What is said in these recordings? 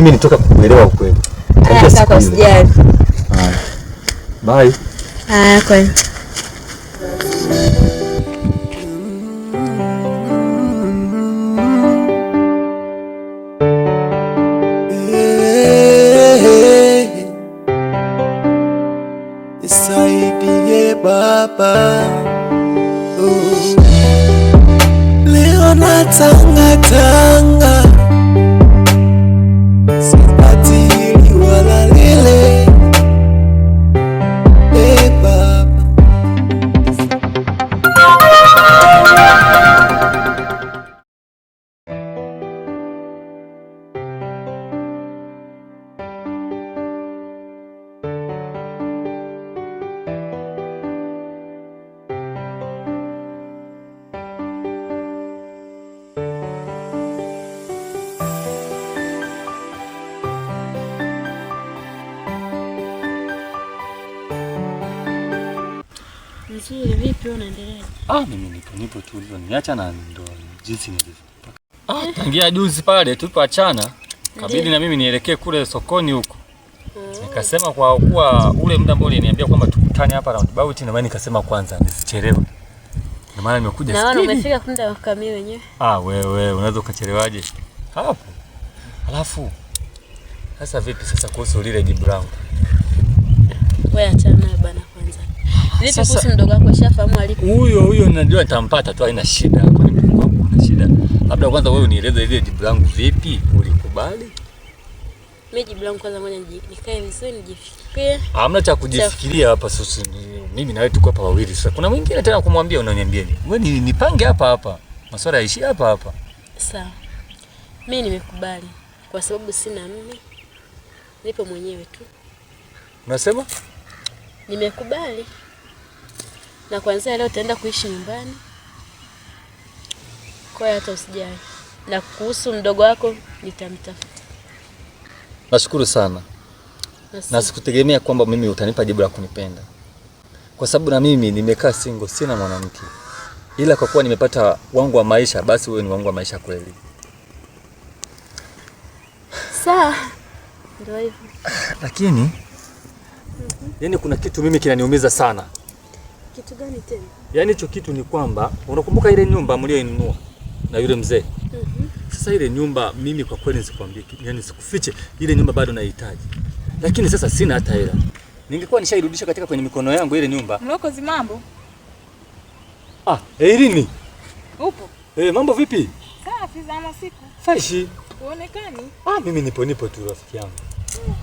mimi nitoka kukuelewa ukweli. Bye. Haya, kwani. Ah, mimi nipo nipo tu niacha na ndo jinsi nilivyo. Ah, tangia juzi pale tulipoachana kabidi na mimi nielekee kule sokoni huko. Nikasema kwa kuwa ule muda ambao uliniambia kwamba tukutane hapa roundabout, na mimi nikasema kwanza nisichelewe. Ndio maana nimekuja sasa. Na maana umefika kwa mimi wenyewe. Ah, wewe wewe unaweza ukachelewaje? Hapo. Alafu sasa vipi sasa kuhusu lile jibrangu? Wewe achana bana. Sasa mdogo wako ashafahamu alipo. Huyo huyo najua nitampata tu, haina shida. wangu kuna shida? Labda kwanza wewe unieleze ile jibu langu vipi, ulikubali? Mimi jibu langu kwanza, ngoja nikae vizuri nijifikirie. Hamna cha kujifikiria hapa sasa, mimi na wewe tuko hapa wawili sasa. Kuna mwingine tena kumwambia, unaniambia nini? Wewe nipange hapa hapa, masuala yaishi hapa hapa. Sawa, mimi nimekubali kwa sababu sina mimi, nipo mwenyewe tu. Unasema nimekubali? na kuanzia leo utaenda kuishi nyumbani. Kwa hiyo hata usijali, na kuhusu mdogo wako nitamtafuta. Nashukuru sana Nasi. na sikutegemea kwamba mimi utanipa jibu la kunipenda, kwa sababu na mimi nimekaa single, sina mwanamke, ila kwa kuwa nimepata wangu wa maisha, basi wewe ni wangu wa maisha kweli. Sawa, ndio hivyo lakini, mm -hmm. Yani kuna kitu mimi kinaniumiza sana kitu gani tena? Yaani hicho kitu ni kwamba unakumbuka ile nyumba mlioinunua na yule mzee. Mm -hmm. Sasa ile nyumba mimi kwa kweli nisikwambie, yaani sikufiche, ile nyumba bado naihitaji. Lakini sasa sina hata hela. Ningekuwa nishairudisha katika kwenye mikono yangu ile nyumba. Mlokozi mambo? Ah, Eirini. Eh, Upo? Eh, mambo vipi? Safi za masiku. Freshi. Uonekani? Ah, mimi nipo nipo tu rafiki yangu. Hmm.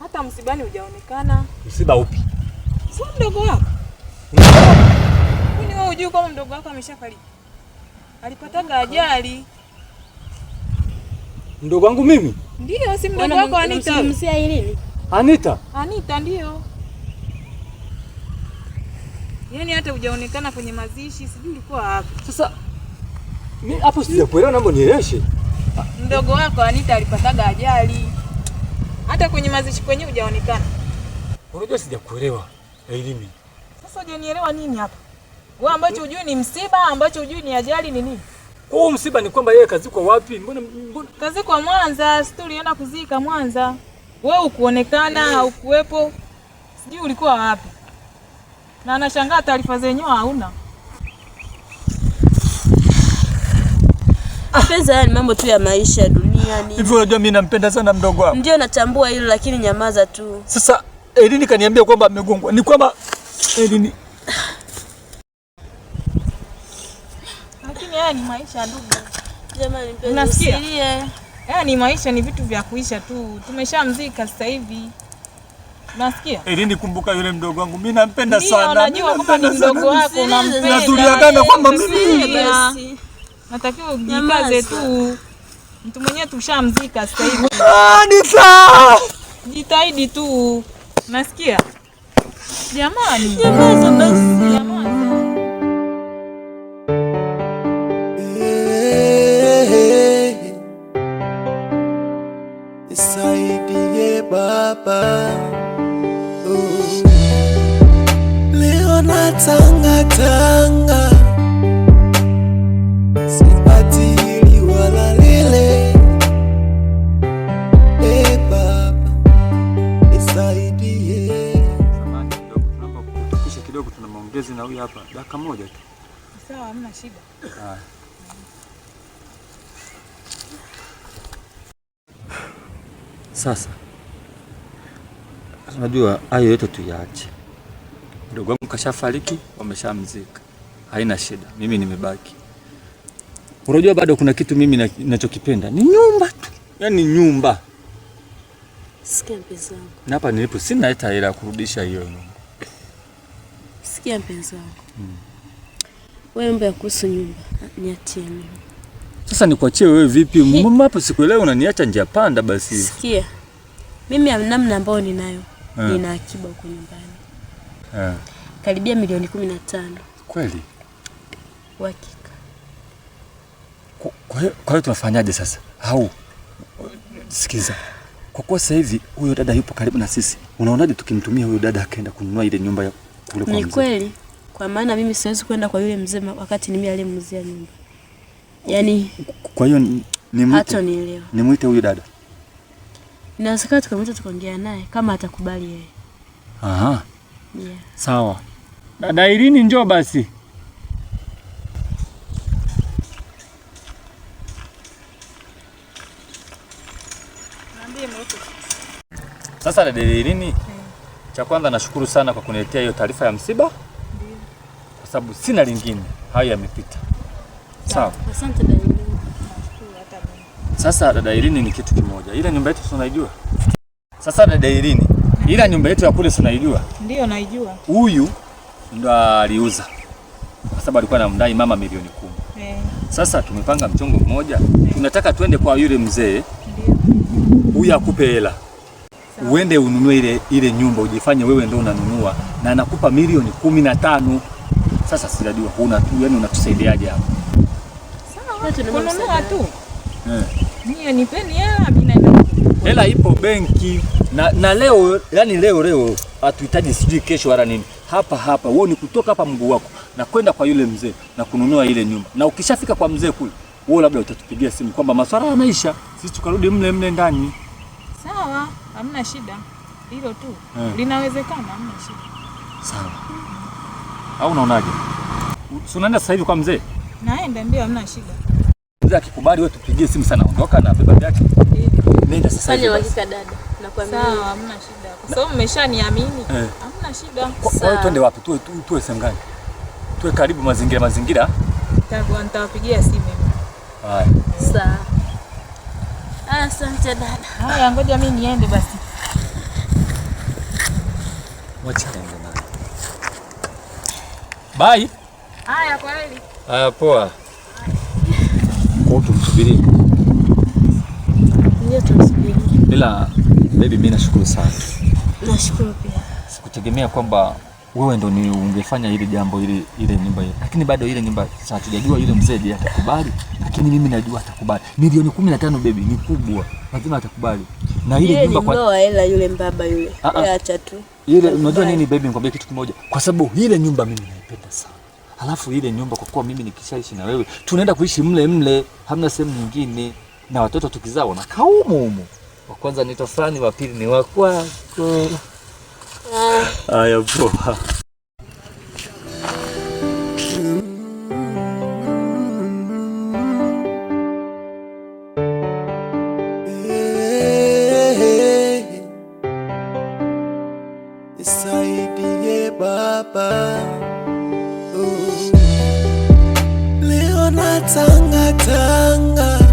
Hata msibani hujaonekana. Msiba upi? Sio mdogo wako. Kwani wewe unajua kama mdogo wako ameshafariki? Alipataga ajali. Mdogo wangu mimi? Ndio, si mdogo wako Anita. Anita? Anita ndio. Yaani hata hujaonekana kwenye mazishi, sijui ulikuwa wapi. Sasa mimi hapo sijakuelewa, naomba nieleweshe. Mdogo wako Anita alipataga ajali. Hata kwenye mazishi kwenyewe hujaonekana. Unajua sijakuelewa, Elimi. Eh, sasa hujanielewa nini hapa? Wewe ambacho hujui ni msiba, ambacho hujui ni ajali ni nini? Huu msiba ni kwamba yeye kazikwa wapi? Mbona mbona kazikwa Mwanza? Si tulienda kuzika Mwanza. Wewe ukuonekana, eh. haukuwepo. Sijui ulikuwa wapi. Na anashangaa taarifa zenyewe hauna. Ah. Pesa ni mambo tu ya maisha duniani. Hivyo unajua mimi nampenda sana mdogo wangu. Ndio natambua hilo lakini nyamaza tu. Sasa Elini eh, kaniambia kwamba amegongwa. Ni kwamba Edini. Lakini haya ni maisha ndugu. Jamani, mpenzi, msilie. Haya ni maisha, ni vitu vya kuisha tu. Tumeshamzika sasa hivi. Nasikia? Edini, eh, kumbuka yule mdogo wangu. Mimi nampenda sana. Najua kwamba ni mdogo wako unampenda. Na tuliagana kwamba mimi basi. Natakiwa ujikaze tu. Mtu mwenyewe tushamzika sasa hivi. Ah, ni sawa. Jitahidi tu. Nasikia? Yaman. Hani- Yaman sana moja tu. Sawa, hamna shida. Haya. Sasa unajua hayo yote tuyaache. Mdogo wangu kashafariki, wameshamzika, haina shida. Mimi nimebaki. Unajua bado kuna kitu mimi ninachokipenda ni nyumba tu, yaani nyumba. Sikia mpenzi wangu, na hapa nilipo sina hata hela ya kurudisha hiyo nyumba. Sikia mpenzi wangu, hmm. Wewe mambo ya kuhusu nyumba niachie mimi. Sasa nikuachie wewe vipi? Mama hapo sikuelewi, unaniacha njia panda basi. Sikia. Mimi namna ambayo ninayo yeah. Nina akiba huko nyumbani yeah. Karibia milioni kumi na tano. Kweli? Uhakika. Kwa hiyo tunafanyaje sasa? Au sikiza, kwa kuwa sasa hivi huyo dada yupo karibu na sisi, unaonaje tukimtumia huyo dada akaenda kununua ile nyumba ya kule kwa mzee? Ni kweli kwa maana mimi siwezi kwenda kwa yule mzee wakati ni mimi aliyemuzia nyumba. Yaani kwa hiyo Ni mwite huyo dada, inawezekana tukamwita tukaongea naye kama atakubali yeye. Aha. Yeah. Sawa dada Irini, njoo basi. Sasa dada Irini, cha kwanza nashukuru sana kwa kuniletea hiyo taarifa ya msiba sababu sina lingine, hayo yamepita. Sawa, asante dada Sasa dada Irini ni kitu kimoja, ila nyumba yetu tunaijua. Sasa dada Irini, ila nyumba yetu ya kule tunaijua. Ndio naijua. Huyu ndo aliuza kwa sababu alikuwa anamdai mama milioni kumi. Eh. Sasa tumepanga mchongo mmoja, tunataka twende kwa yule mzee huyu akupe hela uende ununue ile ile nyumba, ujifanye wewe ndo unanunua, na anakupa milioni kumi na tano. Sasa sijajua una tu yani unatusaidiaje hapa? Sawa, tu. Eh. hela Hela ipo benki na, na leo yani leo leo hatuhitaji sijui kesho wala nini. Hapa hapa wewe ni kutoka hapa mguu wako na kwenda kwa yule mzee na kununua ile nyumba. Na ukishafika kwa mzee kule, wewe labda utatupigia simu kwamba maswala yameisha, sisi tukarudi mle mle ndani. Sawa, hamna shida. Hilo tu. Eh. Linawezekana, hamna shida. Sawa au unaonaje? Si unaenda sasa hivi kwa mzee? Naenda, ndio, hamna shida. Mzee akikubali wewe tupigie simu sana, ondoka na beba vyake. Eh. Nenda sasa hivi. Fanya hakika dada. Nakwambia. Sawa, hamna shida. Kwa sababu mmeshaniamini. Eh. Hamna shida. Kwa hiyo twende wapi? Tuwe tuwe sehemu gani? Tuwe karibu mazingira mazingira. Nitakuwa Nitawapigia simu mimi. Haya. Sawa. Asante dada. Haya, ngoja mimi niende basi. Wacha Bye. Haya, kwa heri. Haya, poa. Tumsubiri bila bebi, mimi nashukuru sana. Nashukuru pia. Sikutegemea kwamba wewe ndo ni ungefanya hili jambo ile ile nyumba ile, lakini bado ile nyumba hatujajua yule mzee je atakubali, lakini mimi najua atakubali. Milioni kumi na tano bebi, ni kubwa, lazima atakubali. Na ile nyumba kwa hela yule mbaba yule, ah, ah. acha tu ile unajua nini baby, nikwambia kitu kimoja, kwa sababu ile nyumba mimi naipenda sana, alafu ile nyumba kwa kuwa mimi nikishaishi na wewe tunaenda kuishi mle mle, hamna sehemu nyingine, na watoto tukizaa wanakaa humo humo. Wa kwanza ni tofani, wa pili ni wakwako. Ah. Haya poa. hapa uh. Leo na tanga tanga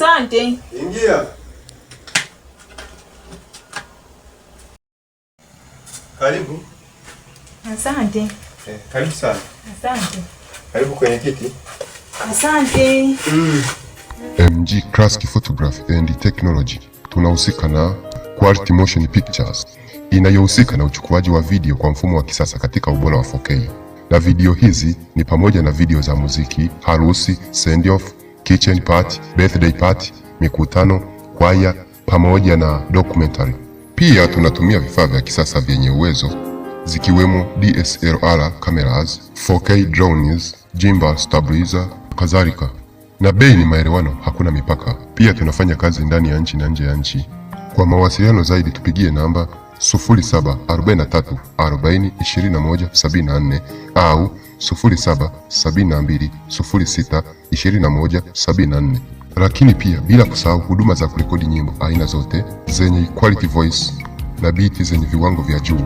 Asante. Ingia. Karibu. Asante. Eh, karibu sana. Asante. Karibu kwenye kiti. Asante. Mm. MG Kraski Photography and Technology tunahusika na Quality Motion Pictures inayohusika na uchukuaji wa video kwa mfumo wa kisasa katika ubora wa 4K na video hizi ni pamoja na video za muziki, harusi, send off kitchen party, birthday party, mikutano, kwaya pamoja na documentary. Pia tunatumia vifaa vya kisasa vyenye uwezo zikiwemo DSLR cameras, 4K drones, gimbal stabilizer, kadhalika. Na bei ni maelewano, hakuna mipaka. Pia tunafanya kazi ndani ya nchi na nje ya nchi. Kwa mawasiliano zaidi tupigie namba 0743 40 21 74 au 40 21 74. 0772062174, lakini pia bila kusahau huduma za kurekodi nyimbo aina zote zenye quality voice na biti zenye viwango vya juu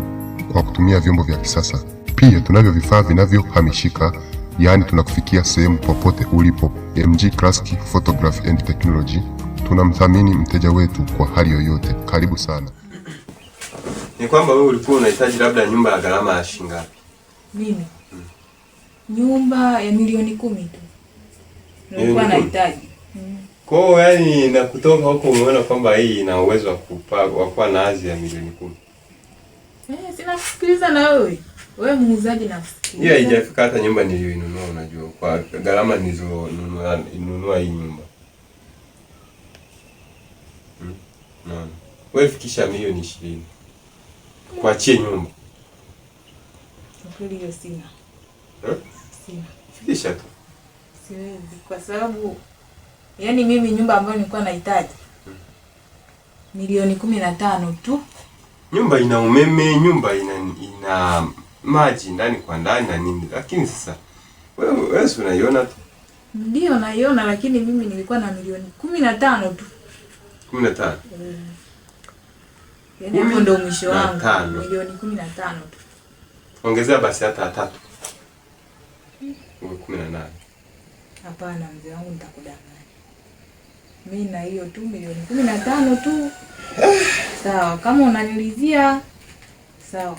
kwa kutumia vyombo vya kisasa. Pia tunavyo vifaa vinavyohamishika, yaani tunakufikia sehemu popote ulipo. MG Classic Photography and Technology tunamthamini mteja wetu kwa hali yoyote. Karibu sana. Ni kwamba wewe ulikuwa unahitaji labda nyumba ya gharama ya shilingi ngapi? Mimi. Hmm nyumba ya milioni kumi tu nilikuwa nahitaji. Kwa hiyo yani, na kutoka huko umeona kwamba hii ina uwezo wa kuwa na azi ya milioni kumi. Eh, sina kusikiliza na wewe. Wewe muuzaji nakusikiliza. Hiyo haijafika hata nyumba niliyoinunua unajua kwa gharama nilizonunua nunua hii nyumba. Hmm? No. Wewe fikisha milioni ishirini. chini nyumba. Kweli hiyo sina. Eh? Sina. Fikisha tu. Siwezi kwa sababu yaani mimi nyumba ambayo nilikuwa nahitaji hmm. milioni kumi na tano tu. Nyumba ina umeme, nyumba ina ina maji ndani kwa ndani na nini, lakini sasa wewe wewe si unaiona tu. Ndio naiona, lakini mimi nilikuwa na milioni kumi na tano tu. Kumi na tano. Eh. Yaani hapo ndio mwisho wangu. Milioni kumi na tano tu. Ongezea basi hata tatu uwe kumi na nane. Hapana mzee wangu, nitakudanganya mi na hiyo tu milioni kumi na tano tu. Sawa, kama unanilizia sawa.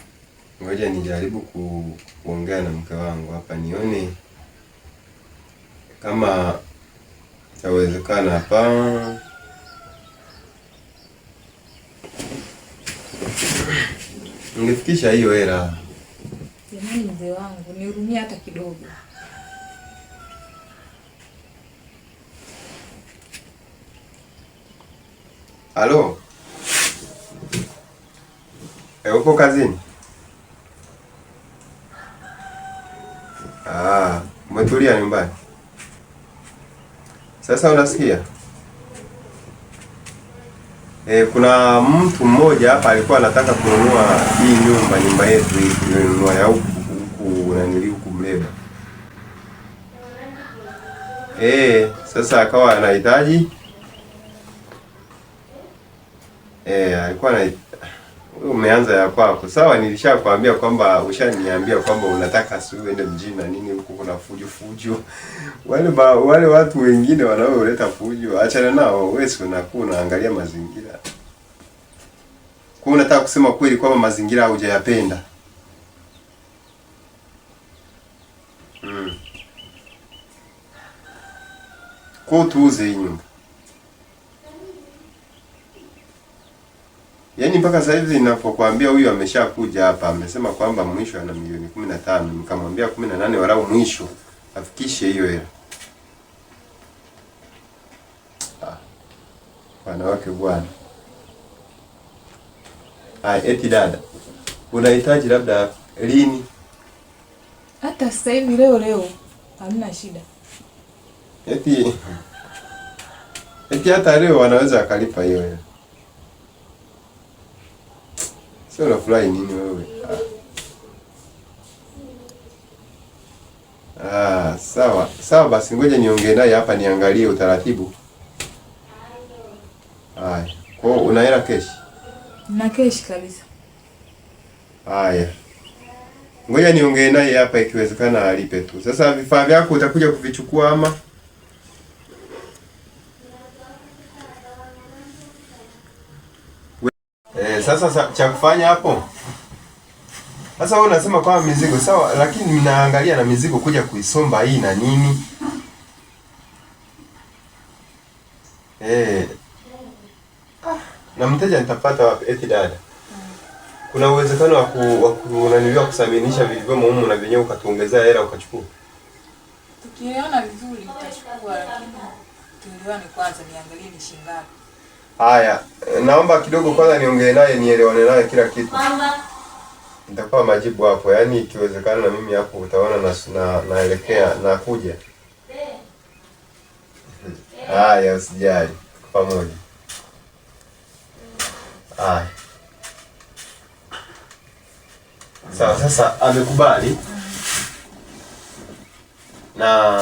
Ngoja nijaribu ku, kuongea na mke wangu hapa nione kama itawezekana. Hapa ungefikisha hiyo hela. Jamani mzee wangu, nihurumia hata kidogo. Halo, e, upo kazini? Ah, umetulia nyumbani sasa, unasikia? E, kuna mtu mmoja hapa alikuwa anataka kununua hii nyumba, nyumba yetu hii tuliyonunua ya huku nanili huku Mleba. E, sasa akawa anahitaji eh, alikuwa na umeanza ya kwako. Sawa, nilishakwambia kwamba ushaniambia kwamba unataka asubuhi uende mjini na nini, huko kuna fujo fujo. Wale ba, wale watu wengine wanaoleta fujo, achana nao. Wewe si unakuwa unaangalia mazingira. Kwa unataka kusema kweli kwamba mazingira haujayapenda. Mm. Kwa tuuze hii nyumba. Yaani mpaka sasa hivi ninapokuambia huyu ameshakuja hapa, amesema kwamba mwisho ana milioni 15, nikamwambia 18 walau mwisho afikishe hiyo hela. Ah. Wanawake bwana. Ai, eti dada. Unahitaji labda lini? Hata sasa hivi leo leo hamna shida. Eti eti hata leo wanaweza akalipa hiyo hela. Sio na fly nini wewe? Ah. ah, sawa sawa, basi ngoja niongee naye hapa, niangalie utaratibu. Haya, kwa una hela cash? Na cash kabisa. Haya, ngoja niongee naye hapa, ikiwezekana alipe tu. Sasa vifaa vyako utakuja kuvichukua ama Eh, sasa cha kufanya hapo sasa wewe unasema kwa mizigo sawa, lakini mnaangalia na mizigo kuja kuisomba hii na nini? Eh. Ah, na mteja nitapata wapi eti dada? Kuna uwezekano wa wa kunaniliwa kusaminisha vilivyomo muhimu na vyenyewe ukatuongezea hela ukachukua. Tukiona vizuri tutachukua, lakini tuelewane kwanza niangalie ni shilingi Haya, naomba kidogo kwanza niongee naye nielewane naye kila kitu. Nitakupa majibu hapo, yaani ikiwezekana na mimi hapo utaona na, na naelekea nakuja. Haya, usijali, pamoja. Haya. Sawa, sasa amekubali na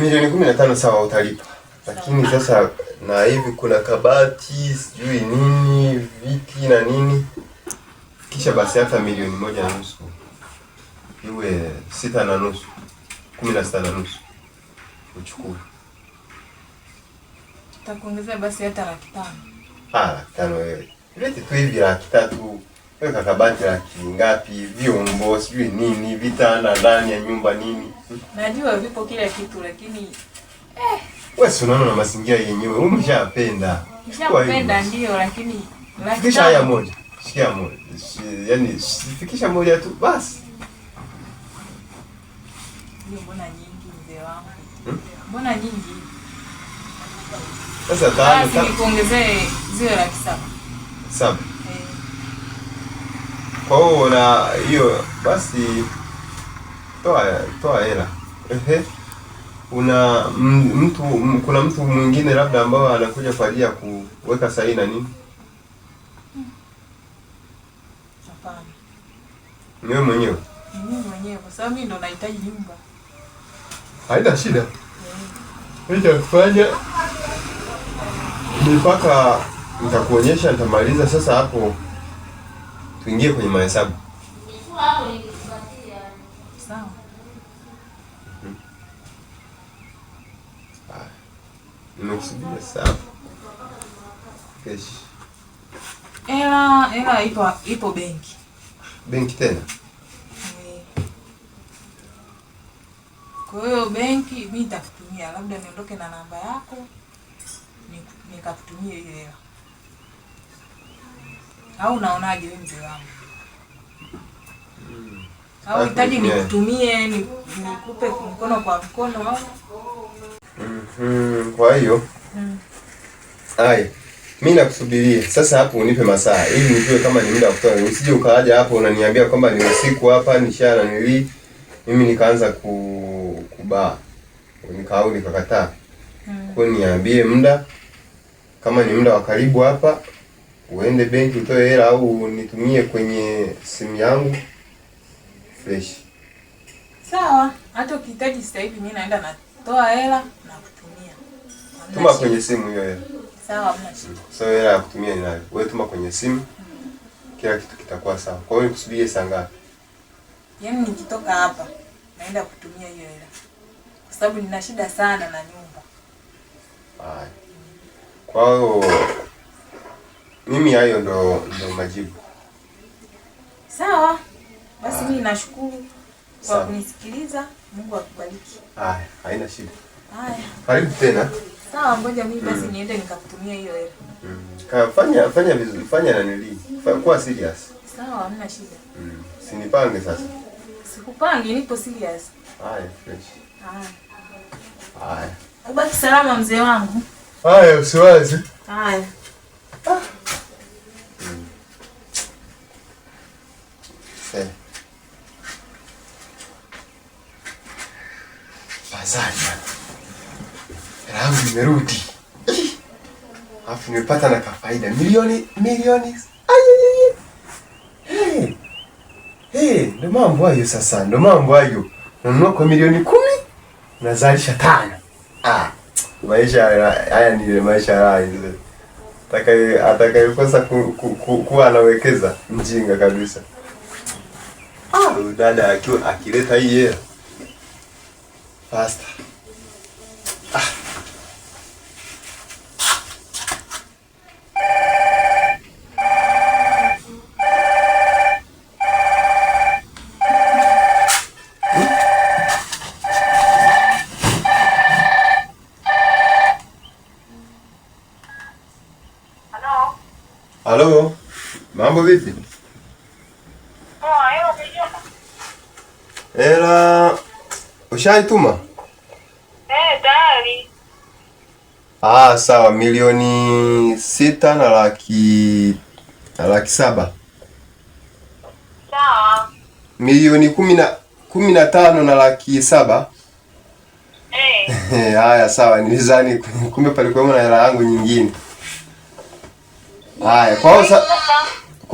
milioni kumi na tano sawa, utalipa lakini sasa na hivi kuna kabati sijui nini viti na nini, kisha basi hata milioni moja na nusu iwe sita na nusu kumi na sita na nusu uchukue, takuongezea basi hata laki tano. Ah, laki tano wewe, viti tu hivi laki tatu weka kabati la kingapi, vyombo sijui nini, vitanda ndani ya nyumba nini, najua vipo kila kitu, lakini eh, wewe si unaona na mazingira yenyewe umeshapenda, umeshapenda ndio, lakini fikisha haya moja, Sikia moja, yaani fikisha moja tu basi. Mbona nyingi mzee wangu, hmm? mbona nyingi sasa? Tano sasa, niongezee ziwe laki saba saba kwa hiyo na hiyo basi, toa toa hela ehe. Una mtu kuna mtu mwingine labda ambao anakuja kwa ajili ya kuweka sahihi na nini? Hapana, ni wewe mwenyewe mimi mwenyewe, kwa sababu mimi ndo nahitaji nyumba. Haina shida, mm. mimi cha kufanya ni mpaka nitakuonyesha, nitamaliza sasa hapo tuingie kwenye mahesabu. Ela, ela ipo ipo benki. Benki tena? Kwa hiyo benki mimi nitakutumia, labda niondoke na namba yako nikakutumia hiyo hela au unaonaje wewe mzee wangu? Hmm. Au hitaji nikutumie nikupe mkono kwa mkono au? Mm, kwa hiyo mm. Haya, mimi nakusubiria sasa hapo, unipe masaa ili nijue kama ni muda wa kutoa. Usije ukaja hapo unaniambia kwamba ni usiku hapa nishana nili mimi nikaanza ku kubaa nikaau nikakataa. Mm. Kwa niambie muda kama ni muda wa karibu hapa uende benki utoe hela au nitumie kwenye simu yangu fresh. Sawa, hata ukihitaji sasa hivi mimi naenda natoa hela na kutumia. Tuma kwenye simu hiyo hela. Sawa, sawa, hela ya kutumia ninayo. Wewe tuma kwenye simu, hmm. kila kitu kitakuwa sawa. Kwa hiyo nikusubirie saa ngapi? Yaani nikitoka hapa naenda kutumia hiyo hela, kwa sababu nina shida sana na nyumba. Haya, kwa hiyo mimi hayo ndo ndo majibu. Sawa basi, ah. mimi nashukuru kwa kunisikiliza. Mungu akubariki. Haya, haina shida. Haya, karibu tena. Sawa, ngoja mimi basi mm. niende nikakutumia hiyo hela mm. Fanya fanya vizuri, fanya na nili. nanili, kuwa serious. Sawa, hamna shida mm. Sinipange sasa, sikupangi, nipo serious. Haya, fresh. Haya, Haya. ubaki salama mzee wangu. Haya, usiwaze. Haya. Ah. Bazari raha nimerudi, alafu nimepata na kafaida milioni milioni. Hey, hey, ndo mambo hayo sasa, ndo mambo hayo. Nanunua kwa milioni kumi nazalisha tano. Ah, maisha haya ni maisha haya atakayekosa ku, ku, ku, kuwa anawekeza mjinga kabisa. Huyu dada akiwa akileta hii hela Pasta. Ah. Halo. Halo. Mambo vipi? Ushaituma? Eh, tayari. Ah, sawa milioni sita na laki na laki saba. Sawa. Milioni kumi na kumi na tano na laki saba. Eh. Haya sawa, nilizani kumbe palikuwa na hela yangu nyingine. Haya, kwa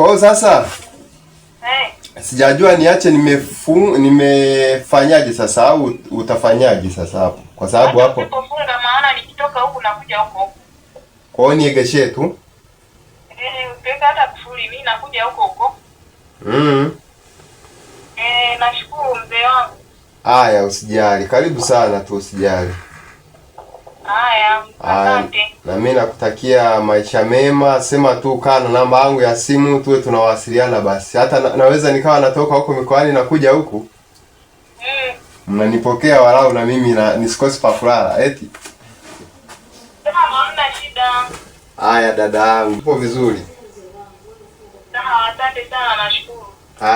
hiyo sasa. Hey sijajua niache nimefunga, nimefanyaje sasa, au utafanyaje sasa hapo? Kwa sababu hapo kufunga maana nikitoka huku nakuja huko. Kwa hiyo niegeshe tu eh, utaweka hata kufuli, mimi nakuja huko huko. Mm. Eh, nashukuru mzee wangu. Haya, usijali, karibu sana tu, usijali. Asante. Na mimi nakutakia maisha mema, sema tu kaa na namba yangu ya simu tuwe tunawasiliana basi. Hata na, naweza nikawa natoka huko mikoani nakuja huku mm. mnanipokea walau na mimi na nisikosi pa kulala eti. shida. Haya dada yangu, upo vizuri? Sawa,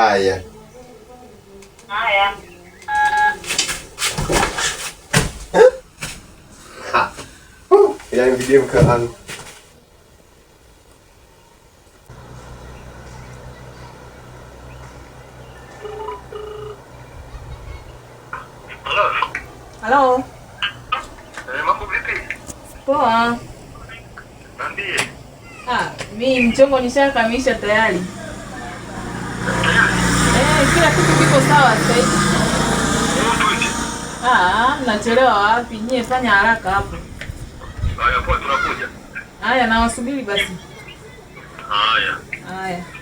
Haya. Haya in einem Videokanal an. Halo. Eh, mambo vipi? Poa. Ah, mimi mchongo nishakamilisha tayari. Eh, kila kitu kiko sawa sasa hivi. Ah, wapi? Nyie fanya haraka hapo. Haya, poa, tunakuja. Haya, nawasubiri basi. Haya. Haya.